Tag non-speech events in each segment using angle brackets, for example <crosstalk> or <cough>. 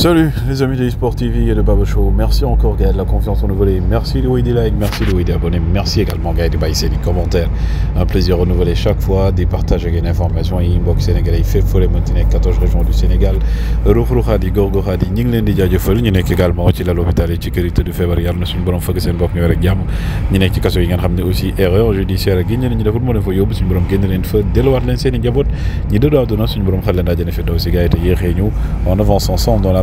Salut les amis de Sport TV et de Baba Show. Merci encore Gaël de la confiance en nous voler. Merci Louis des likes, merci Louis des abonnés, merci également Gaël de baisser les commentaires. Un plaisir renouvelé chaque fois. Des partages et des informations. Inbox Sénégalais, fait folle Montenegro, 14 régions du Sénégal. Roufrouha di Gorgora di ñu leen di ñu également ci lal hôpital yi ci février, yi tëdd feebar yàlla na suñu borom fëgg seen bopp ñu wér ak ñu nekk ci yi aussi erreur judiciaire ak yi ñeneen ñi deful moo leen fa yóbbu suñu borom génn leen fa delluwaat leen seen i njaboot ñi dëddu àdduna suñu borom xal leen daajane fi daw si gars yi te ñu en avançant ensemble dans la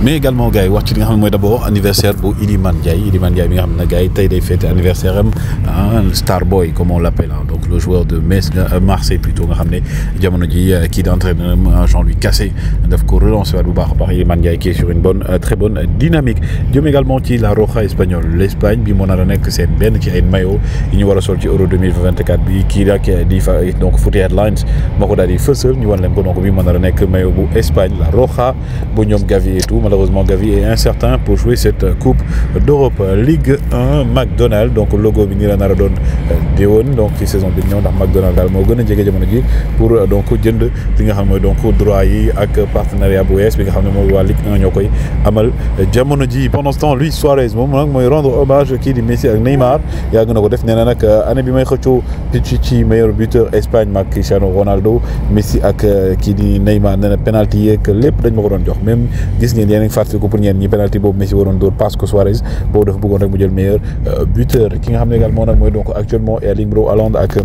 mais également gars yi wax ci nga d'abord anniversaire bu Iliman Ndiaye Iliman Ndiaye bi nga xam ne gars yi tey day anniversaire am hein, star boy comme on l'appelle hein, donc le joueur de Metz euh, Marseille plutôt nga xam ne jamono ji qui euh, d'entraîneur euh, Jean-Louis Cassé daf ko On waat bu baax baax Iliman Ndiaye qui est sur une bonne très bonne dynamique jëm également ci la Roja espagnole l'Espagne bi moo nar a nekk seen ci ay mayo ñu wara sol ci Euro 2024 bi kii dak di fa donc Footy Headlines mako ko di fësal ñu wan le ko donc bi moo nar a Mayo, bu Espagne la Roja bu ñom Gavi et tout Malheureusement, Gavi est incertain pour jouer cette euh, Coupe d'Europe. Ligue 1, mcdonald donc logo bi la euh, donc qui saison de ñëw ndax McDonald's daal et gën jamono pour euh, donc jënd li nga donc droit yi ak partenariat bu wees bi nga xam ne mooy Ligue 1 ñoo amal jamono ji pendant ce temps Luis Suarez moom nag rendre hommage qui dit Messi à Neymar et à ko def nee na année bi may Pichichi meilleur buteur Espagne maak Cristiano Ronaldo Messi ak qui di Neymar nee na penalty yeeg lépp dañ ma ko jox même Disney yéen a ngi fàttali pour ñeen ñi penalty boobu Messi waroon dóor passe que Suarez boobu dafa bëggoon rek mu jël meilleur euh, buteur ki nga également nag mooy donc actuellement Erling Bro Haaland ak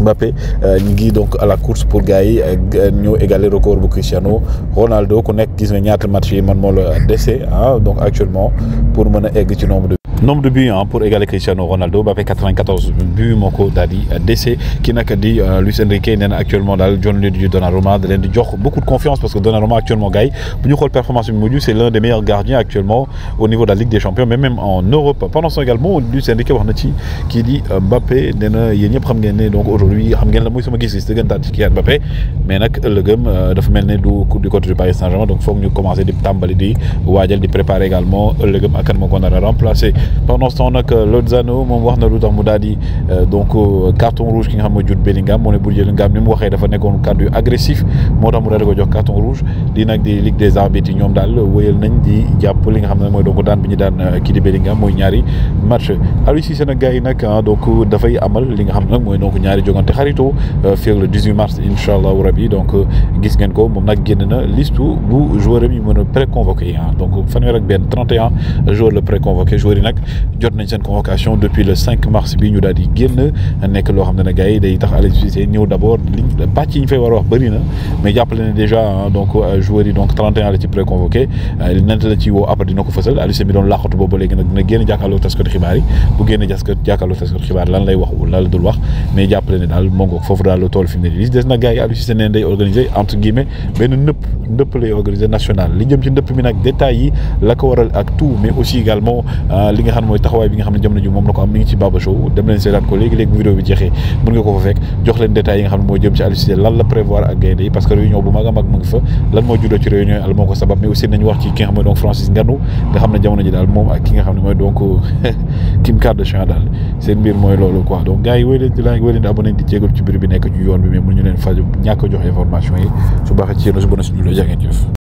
Mbappé euh, ñu ngi donc à la course pour gars yi euh, ñëw égaler record bu Cristiano Ronaldo ku nekk gis nga ñaata match yi man moo la ah, donc actuellement pour mën a egg ci nombre de nombre de buts hein, pour égaler Cristiano Ronaldo ba 94 buts moko d'Ali euh, daal qui dese kii di Luis Enrique nee actuellement dal John Lydie Donnarumma de len di jox beaucoup de confiance parce que Donnarumma actuellement gars yi bu ñu performance bi mujj c'est l'un des meilleurs gardiens actuellement au niveau de la Ligue des Champions mais même en Europe pendant ce également Luis Enrique wax na ci qui dit euh, Mbappé nee na ñep xam ngeen né donc aujourd'hui xam ngeen la moy sama gis-gis dëggantaan ci Kylian Mbappé mais nag ëllëgëm euh, dafa mel ne du du côté du Paris Saint-Germain donc faut ñu commencer di tambali di waajal di préparer également le ak kan mo ko remplacer pendant ce temps nag Lozano moom waxna na lu tax mu daal euh, donc euh, carton rouge ki nga xam mooy Jude Bellingham moo ne Bellingham ni mu waxee dafa nekkoon cadre agressif motam tax mu daal ko jox carton rouge di nak di ligue des arbitres ñom dal daal nañ di japp li nga xam moy mooy donc dan biñu dan daan euh, kii di Bellingham mooy ñaari match Aliou ici sénégal gars yi nag ah, donc dafay amal li nga xam ne nag mooy donc ñaari jogante xarito fii le 18 mars inshallah allah rabi donc gis ngeen ko mom nak genn na liste bu joueur yi mën a préconvoqué ah. donc fanweer ak ben 31 joueur le préconvoqué joueur yi jot nañ seen convocation depuis le 5 mars bi ñu daal di génn nekk loo xam ne ne gars yi day tax Aliou Cissé ñëw d' abord liñ pàcc yi ñu fay war a wax bëri na mais jàppale ne déjà hein, donc euh, joueurs yi donc 31 la ci préconvoqué euh, nent la ci woo après dina ko fësal Aliou mi doon laqatu boobu léegi nag dina génn jàkkaarloo taskatu xibaar yi bu génn jàkkaarloo taskatu xibaar lan lay wax lan la dul wax mais jàppale ne daal moo ngoog foofu daal lu tool fi mu ne nii des na gars yi Aliou Cissé neen day organiser entre guillemets benn nëpp ndëpp lay organiser national li jëm ci ndëpp mi nag détails yi la ko waral ak tout mais aussi également euh, xam ne mooy taxawaay bi nga xam ne jamono ji moom la ko am mi ngi ci Baba Show dem leen seetaan ko léegi-léegi bu bi jeexee mën nga ko fa fekk jox leen détails yi nga xam ne mooy jëm ci Aliou Cissé a mag mu ngi fa lan moo ko sabab mais aussi nañ wax ci ki nga xam ne <laughs> daal seen mbir mooy loolu quoi donc gars wéy leen di like wéy leen di abonné di jégal ci mbir bi nekk ci yoon bi mais mënuñu leen faj ñàkk jox information yi su baaxee ci yéen su bon a suñu la